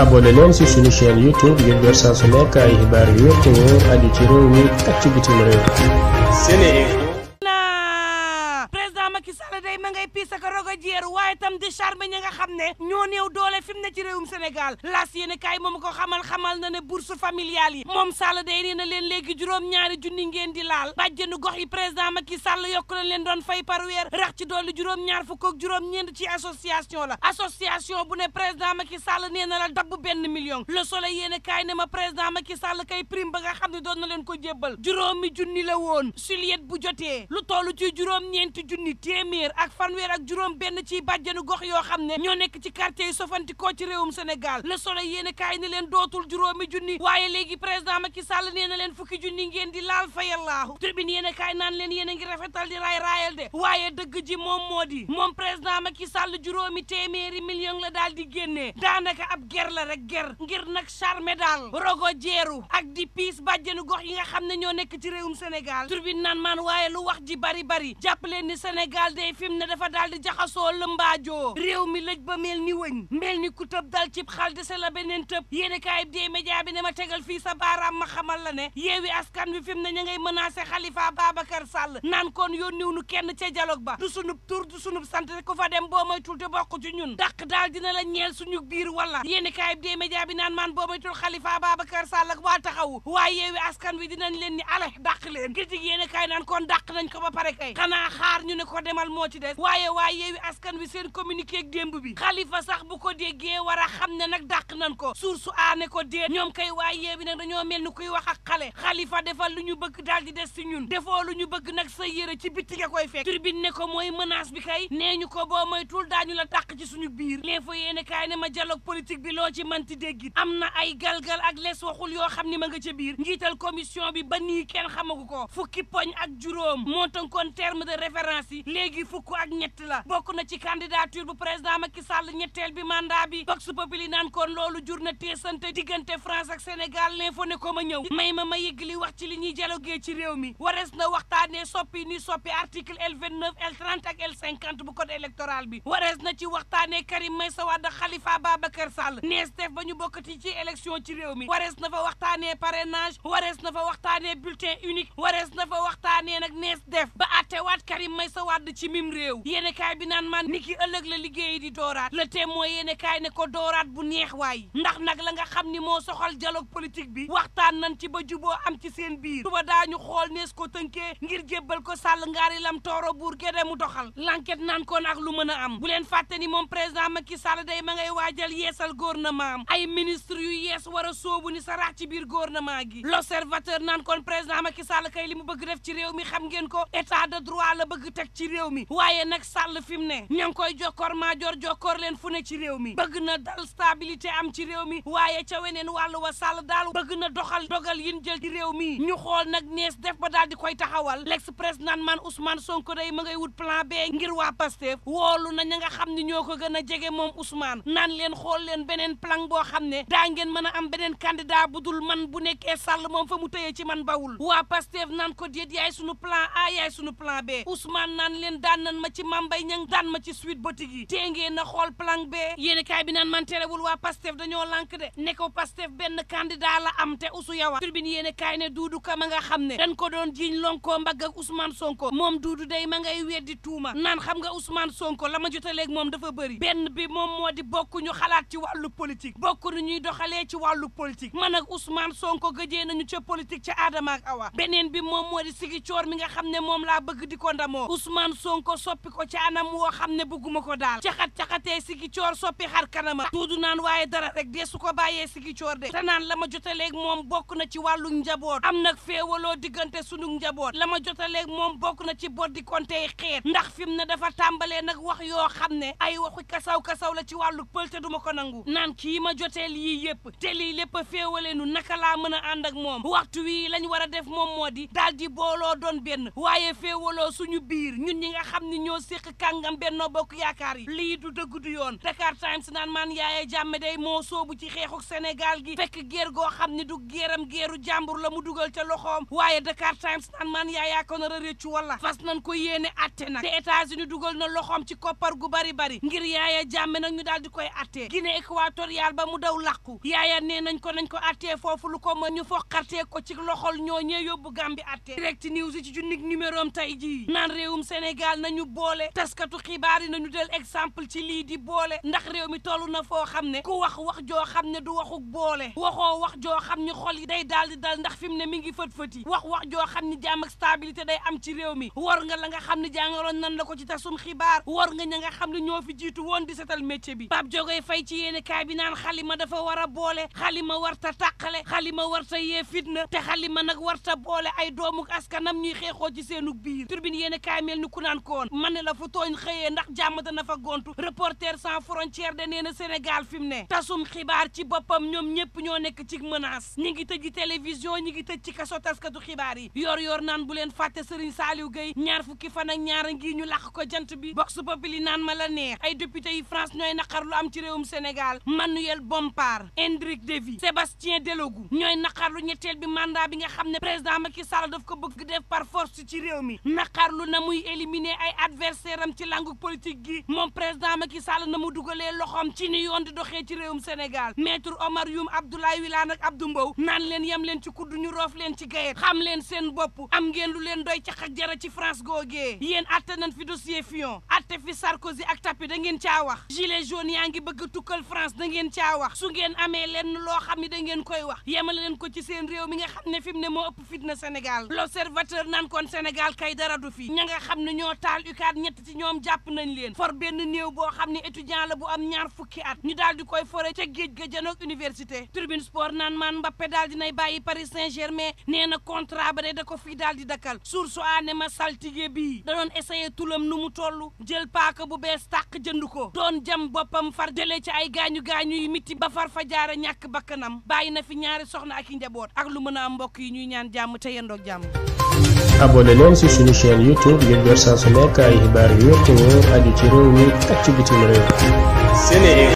abonné leen ci suñu chaîne YouTube ngir door su nekk ay xibaar yu wér te mi ak ci bitim na ngay piis ak waaye tam di charme ña nga xam ne ñoo néew doole fi mu ne ci réewum Sénégal las yéen kaay moom ko xamal xamal na ne bourse familiale yi moom Sall day nee na leen léegi juróom-ñaari junni ngeen di laal bàjjenu gox yi président Macky Sall yokk leen leen doon fay par weer rax ci dolli juróom-ñaar fukk ak juróom-ñeent ci association la association bu ne président Macky Sall nee na la dabb benn million le soleil yéen kaay ne ma président Macky Sall kay prime ba nga doon na leen ko jébbal juróomi junni la woon suliet bu jotee lu toll ci juróom-ñeenti junni téeméer ak fanweer ak juróom benn ci bàjjenu gox yoo xam ne ñoo nekk ci quartier yi sofantikoo ci réewum Sénégal Le Soleil yéen ni leen dootul juróomi junni waaye léegi président Macky Sall nee na leen fukki junni ngeen di laal fayallaahu tribune yéen kaay naan leen yéen a ngi rafetal di raay raayal de waaye dëgg ji moom moo di moom président makki sàll juróomi téeméeri million la daal di génnee daanaka ab ger la rek ger ngir nag charme daal rogo jeeru ak di piis bàjjenu gox yi nga xam ne ñoo nekk ci réewum Sénégal tribune naan maan waaye lu wax ji bari bari jàpp leen ni Sénégal ne dafa daal di jaxasoo lëmbaajoo réew mi lëj ba mel ni wëñ mel ni ku tëb dal cib xal dese la beneen tëb yéeni kaay bi dee média bi ne ma tegal fii sa baaraam ma xamal la ne yeewi askan wi fi mu ne ña ngay menacé Khalifa Babacar Sall naan kon yónniw nu kenn ca dialogue ba du sunub tur du sunub sant ku fa dem boo moytul te bokk ci ñun dàq daal dina la ñeel suñu biir wala yéeni kaay bi dee média bi naan maan boo moytul Khalifa Babacar Sall ak waa taxaw waaye yeewi askan wi dinañ leen ni ale dàq leen critique yéeni naan kon dàq nañ ko ba pare kay xanaa ñu ne ko demal moo ci PDS waaye waaye yeewi askan wi seen communiqué ak bi xalifa sax bu ko déggee war a xam ne nag dàq nan ko source aane ko dee ñoom kay waaye yeewi nag dañoo mel ni kuy wax ak xale xalifa defal lu ñu bëgg daal di des si ñun defoo lu ñu bëgg nag sa yëre ci bitti nga koy fekk turbine ne ko mooy menace bi kay nee ñu ko boo moytuwul daañu la dàq ci suñu biir l'info yéene kaay ne ma dialogue politique bi loo ci manti déggit am na ay galgal ak les waxul yoo xam ni ma nga ca biir njiital commission bi ba nii kenn xamagu ko fukki poñ ak juróom moo tënkoon terme de référence yi léegi ak ñett la bokk na ci candidature bu président Macky Sall ñetteel bi mandat bi vox populi naan kon loolu jur na teesante diggante France ak Sénégal l'info ne ko ma ñëw may ma ma yëgg li wax ci li ñuy dialogué ci réew mi warees na waxtaanee soppi ni soppi article L29 L30 ak L50 bu code électoral bi warees na ci waxtaanee Karim Meïssa Wade Khalifa Babacar Sall nees def ba ñu bokkati ci élection ci réew mi warees na fa waxtaanee parrainage warees na fa waxtaanee bulletin unique warees na fa waxtaanee nag nees def ba àttewaat Karim Meïssa Wade ci mim réew yéene kaay bi naan man ni ki ëllëg la liggéey di dooraat le moo yéene kaay ne ko dooraat bu neex waaye ndax nag la nga xam ni moo soxal dialogue politique bi waxtaan nañ ci ba juboo am ci seen biir suba daañu xool nees ko tënkee ngir jébbal ko sàll ngaari lam tooro buur gede mu doxal lanket naan koon ak lu mën a am bu leen fàtte ni moom président Macky Sall day ma ngay waajal yeesal na am ay ministre yu yees war a soobu ni saraax ci biir gouvernement gi l'observateur naan koon président Macky Sall kay li mu bëgg def ci réew mi xam ngeen ko état de droit bëgg teg ci réew mi waaye nag sàll fi mu ne ña ngi koy jokkoor maa jor jokkoor leen fu ne ci réew mi bëgg na dal stabilité am ci réew mi waaye ca weneen wàllu wa sàll daal bëgg na doxal dogal yin jël ci réew mi ñu xool nag nees def ba daal di koy taxawal l'express naan man Ousmane Sonko day ma ngay wut plan B ngir waa Pastef woolu na ña nga xam ni ñoo ko gën a jege moom Ousmane naan leen xool leen beneen plan boo xam ne daa ngeen mën a am beneen candidat bu dul man bu nekkee sàll moom fa mu tëyee ci man bawul waa Pastef naan ko déet yaay sunu plan A yaay sunu plan B Ousmane naan leen daan nan ma ci Mame bay Niang daan ma ci suite boutique yi tée na xool plan B yéeni kaay bi naan man terewul waa Pastef dañoo lànk de ne ko Pastef benn candidat la am te usu yawa turbine yéeni kaay ne Doudou Ka ma nga xam ne dañ ko doon jiiñ lonkoo mbagg ak Ousmane Sonko moom Doudou day ma ngay weddi tuuma naan xam nga Ousmane Sonko la ma jotaleeg moom dafa bëri benn bi moom moo di bokkuñu xalaat ci wàllu politique bokk nu ñuy doxalee ci wàllu politique man ak Ousmane Sonko gëjee nañu ca politique ca Adama ak Awa bi moom moo di sigi nga xam ne moom laa bëgg di ko ndamoo Ousmane Sonko sopp soppi ko ci anam woo xam ne bëgguma ko daal caxat-caxatee sigi coor soppi xar kanama duudu naan waaye dara rek dee su ko bàyyee sigi coor de te naan la ma jotaleeg moom bokk na ci wàllu njaboot am nag féewaloo diggante sunu njaboot la ma jotaleeg moom bokk na ci boddi kontey xeet ndax fi mu ne dafa tàmbalee nag wax yoo xam ne ay waxu kasaw-kasaw la ci wàllu pël te duma ko nangu naan kii ma joteel yii yëpp te lii lépp a féewale nu naka laa mën a ànd ak moom waxtu wii lañ war a def moom moo di daal di booloo doon benn waaye féewaloo suñu biir ñoo séq kàngam Benno Bokk Yaakaar yi lii du dëgg du yoon Dakar Times naan maan Yaya Jammeh day moo soobu ci xeexuk senegal gi fekk géer goo xam ni du géeram geeru jàmbur la mu dugal ca loxoom waaye Dakar Times naan maan Yaya ko nar a réccu walla fas nañ ko yéene atte nag te états dugal na loxoom ci koppar gu bari bari ngir Yaya jàmm nag ñu daal di koy atte Guinée équatoriale ba mu daw làqu Yaya nee nañ ko nañ ko attee foofu lu ko mën ñu foqartee ko ci loxol ñoo ñee yóbbu Gambie atte Direct News ci junnig numéro am tey jii naan réewum nañu boole taskatu xibaar yi nañu del exemple ci lii di boole ndax réew mi tollu na foo xam ne ku wax wax joo xam ne du waxuk boole waxoo wax joo xam ne xol yi day daal di dal ndax fi mu ne mi ngi fët fët yi wax wax joo xam ne jàmm ak stabilité day am ci réew mi war nga la nga xam ne jàngaloon nan la ko ci tasum xibaar war nga ña nga xam ne ñoo fi jiitu woon di setal métier bi Pape Diogoy fay ci yéene kaay bi naan xalima dafa war a boole xalima ta tàqale xalima warta yee fitna te xalima nag war warta boole ay doomu askanam ñuy xeexoo ci seenu biir turbine yéene kaay mel ni ku naan koon ma ne la fu tooñ xëyee ndax jàmm dana fa gontu reporter sans frontière de nee Sénégal fi ne tasum xibaar ci boppam ñoom ñëpp ñoo nekk ci menace ñi ngi tëj télévision ñi ngi tëj ci kaso taskatu xibaar yi yor yor naan bu leen fàtte Serigne Saliou Gueye ñaar fukki fan ak ñaar a ngi ñu làq ko jant bi Vox Populi naan ma la neex ay député yi France ñooy naqar lu am ci réewum Sénégal Manuel Bompard Hendrik Devy Sébastien Delogu ñooy naqar lu ñetteel bi mandat bi nga xam ne président Macky Sall daf ko bëgg def par force ci réew mi naqar adversaire am ci langu politique gi moom président Macky Sall na mu dugalee loxoom ci ni yoon di doxee ci réewum Sénégal maître Omar Youm Abdoulaye Wilane ak Abdou Mbow naan leen yem leen ci kuddu ñu roof leen ci gayet xam leen seen bopp am ngeen lu leen doy cax ak jara ci France googee yéen atte nañ fi dossier Fillon atte fi Sarkozy ak Tapie da ngeen caa wax gilet jaune yaa ngi bëgg tukkal France da ngeen caa wax su ngeen amee lenn loo xam ne da ngeen koy wax yemale leen ko ci seen réew mi nga xam ne fi mu ne moo ëpp fitna Sénégal l'observateur naan kon Sénégal kay dara du fi ña nga xam ñoo taal fukkaat ñett ci ñoom jàpp nañ leen for benn néew boo xam ne étudiant la bu am ñaar fukki at ñu daal di koy fore ca géej ga janook université tribune sport naan maan Mbappé daal dinay bàyyi Paris Saint-Germain nee na contrat ba de da ko fii daal di dakkal source a ne ma saltige bii da doon tulam nu mu tollu jël paaka bu bees tàq jënd ko doon jam boppam far jëlee ci ay gaañu-gaañu yu miti ba far fa jaare ñàkk bakkanam bàyyi na fi ñaari soxna ak i njaboot ak lu mën a am mbokk yi ñuy ñaan jàmm te yendoog jàmm abonné leen ci suñu chaîne YouTube ngir jot saa su nekk ay yu wér te wóor aju ci réew mi ak ci bitim réew